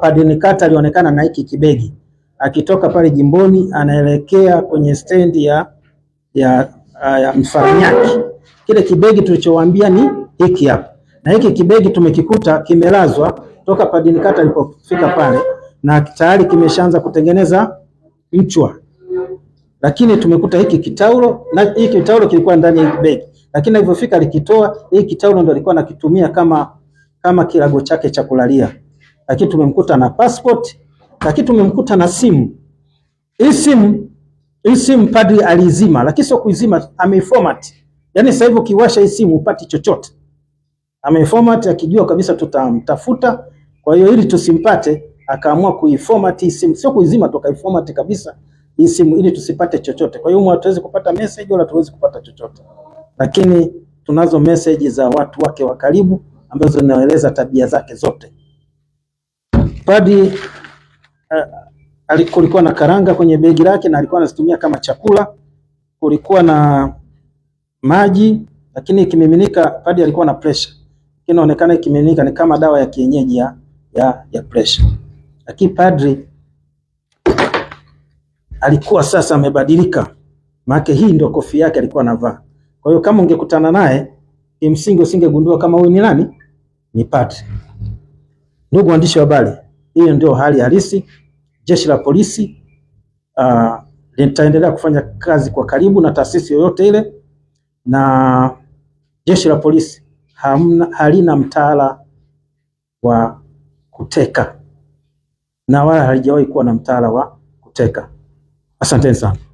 Padri Nikata alionekana na hiki kibegi akitoka pale jimboni anaelekea kwenye stendi ya, ya, ya Mfaranyaki. Kile kibegi tulichowaambia ni hiki hapa, na hiki kibegi tumekikuta kimelazwa toka Padri Nikata alipofika pale, na tayari kimeshaanza kutengeneza mchwa, lakini tumekuta hiki kitaulo, na hiki kitaulo kilikuwa ndani ya kibegi, lakini alipofika alikitoa. Hiki kitaulo ndo alikuwa anakitumia kama, kama kilago chake cha kulalia lakini tumemkuta na passport, lakini tumemkuta na simu. Hii simu hii simu padri alizima, lakini sio kuizima, ameformat. Yaani sasa hivi ukiwasha hii simu upati chochote. Ameformat akijua kabisa tutamtafuta, kwa hiyo ili tusimpate akaamua kuiformat hii simu, sio kuizima tu, kaiformat kabisa hii simu ili tusipate chochote. Kwa hiyo hatuwezi kupata message wala hatuwezi kupata chochote, lakini tunazo message za watu wake wa karibu ambazo zinaeleza tabia zake zote. Padi uh, eh, alikulikuwa na karanga kwenye begi lake na alikuwa anazitumia kama chakula. Kulikuwa na maji lakini ikimiminika, padi alikuwa na pressure, inaonekana ikimiminika ni kama dawa ya kienyeji ya, ya, ya pressure. Lakini Padri alikuwa sasa amebadilika, maana hii ndio kofia yake alikuwa anavaa. Kwa hiyo kama ungekutana naye kimsingi usingegundua kama huyu ni nani, ni Padri. Ndugu waandishi wa habari hiyo ndio hali halisi. Jeshi la polisi uh, litaendelea kufanya kazi kwa karibu na taasisi yoyote ile, na jeshi la polisi hamna, halina mtaala wa kuteka na wala halijawahi kuwa na mtaala wa kuteka. Asanteni sana.